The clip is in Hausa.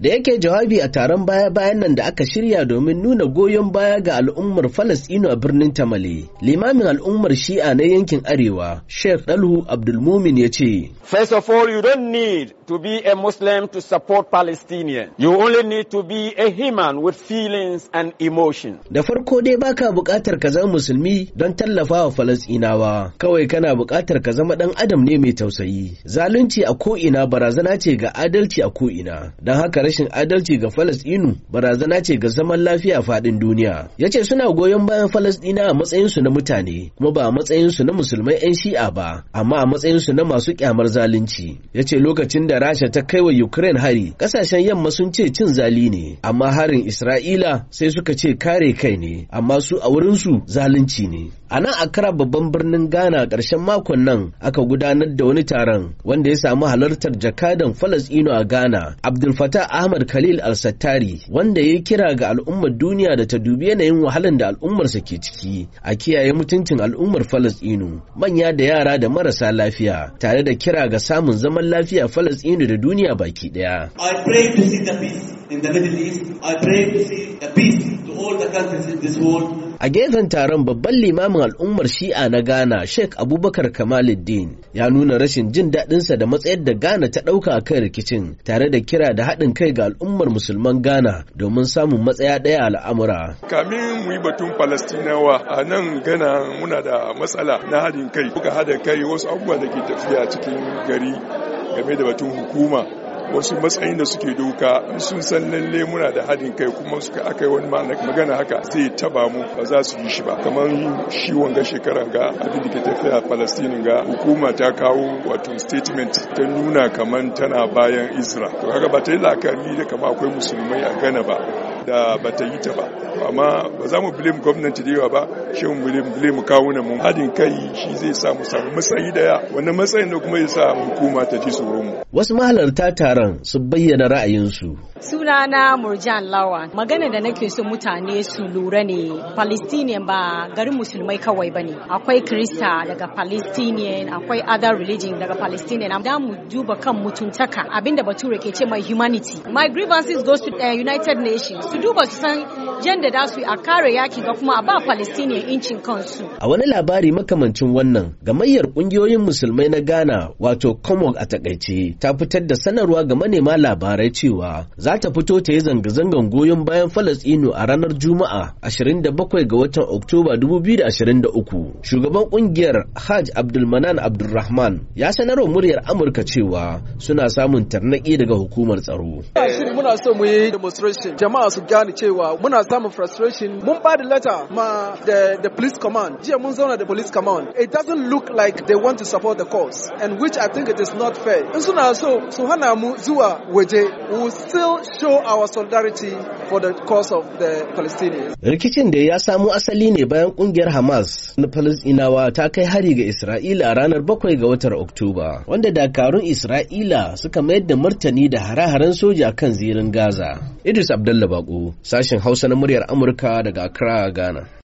Da yake jawabi a taron baya-bayan nan da aka shirya domin nuna goyon baya ga al'ummar Falasɗinu a birnin Tamale, limamin al'ummar Shi'a na yankin Arewa, Sheikh Dalhu Abdulmumin ya ce, First of all, you don't need to be a Muslim to support Palestinians. You only need to be a human with feelings and emotions. Da farko dai baka buƙatar ka zama musulmi don tallafa tallafawa Falasɗinawa, kawai kana buƙatar ka zama ɗan adam ne mai tausayi. Zalunci a ko'ina barazana ce ga adalci a ko'ina, don haka rashin adalci ga Falasɗinu barazana ce ga zaman lafiya faɗin duniya. Ya ce suna goyon bayan Falasɗina a matsayinsu na mutane kuma ba a matsayinsu na musulmai 'yan shi'a ba amma a matsayinsu na masu kyamar zalunci. Ya ce lokacin da Rasha ta kai wa Ukraine hari ƙasashen yamma sun ce cin zali ne amma harin Isra'ila sai suka ce kare kai ne amma su a wurinsu zalunci ne. A nan akara babban birnin Ghana ƙarshen makon nan aka gudanar da wani taron wanda ya samu halartar jakadan Falasɗinu a Ghana Abdul Fattah Ahmad Khalil Al-Sattari wanda ya kira ga al'ummar duniya da ta dubi yanayin wahalar da al'ummarsa ke ciki a kiyaye mutuncin al'ummar Falasɗinu manya da yara da marasa lafiya tare da kira ga samun zaman lafiya Falasɗinu da duniya baki ɗaya. I pray to see the peace in the Middle East. I pray to see the peace to all the countries in this world. A gefen taron babban limamin al'ummar Shi'a na Ghana, Sheikh Abubakar Kamaluddin, ya nuna rashin jin daɗinsa da matsayar da Ghana ta ɗauka a kan rikicin, tare da kira da haɗin kai ga al'ummar musulman Ghana domin samun matsaya ɗaya al'amura. Kamin mu yi batun Falastinawa a nan gana muna da matsala na haɗin kai. kuka haɗa kai wasu abubuwa da ke tafiya cikin gari game da batun hukuma wasu matsayin da suke doka sun san lalle muna da haɗin kai kuma suka aka yi wani magana haka zai taba mu ba za su yi shi ba kamar shi wanga shekara ga abin da ke tafiya palestinin ga hukuma ta kawo wato statement ta nuna kamar tana bayan Isra. to haka ba ta yi lakari da kama akwai musulmai a gana ba da ba ta yi ta ba amma ba za mu blame gwamnati da yawa ba shi mu bile mu kawo na mun hadin kai shi zai sa mu samu matsayi daya wannan matsayin da kuma yasa sa hukuma ta ji tsoron mu wasu mahalarta taron su bayyana ra'ayinsu sunana Murjan Lawan magana da nake so mutane su lura ne Palestinian ba garin musulmai kawai bane akwai Krista daga Palestinian akwai other religion daga Palestinian da mu duba kan mutuntaka abinda bature ke ce mai humanity my grievances goes to the eh, United Nations su duba su san jan da su a kare yaki ga kuma a ba Palestinian incin kansu. A wani labari makamancin wannan gamayyar kungiyoyin musulmai na Ghana wato Comog a takaice ta fitar da sanarwa ga manema labarai cewa za ta fito ta yi zanga-zangan goyon bayan Falasɗinu a ranar Juma'a 27 ga watan Oktoba 2023. Shugaban kungiyar Hajj Abdulmanan Abdulrahman ya sanarwa muryar Amurka cewa suna samun tarnaƙi daga hukumar tsaro. Eh, muna so mu yi demonstration jama'a su gane cewa muna samun frustration mun ba da letter ma da Eh, the police command. Jiya mun zauna police command. It doesn't look like they want to support the cause and which I think it is not fair. In suna so su hana mu zuwa waje will still show our solidarity for the cause of the Palestinians. Rikicin da ya samo asali ne bayan kungiyar Hamas na Falasɗinawa ta kai hari ga Isra'ila a ranar 7 ga watan Oktoba, wanda dakarun Isra'ila suka mayar da martani da hare-haren soja kan zirin Gaza. Idris Abdullah Bako, sashen Hausa na muryar Amurka daga Accra, Ghana.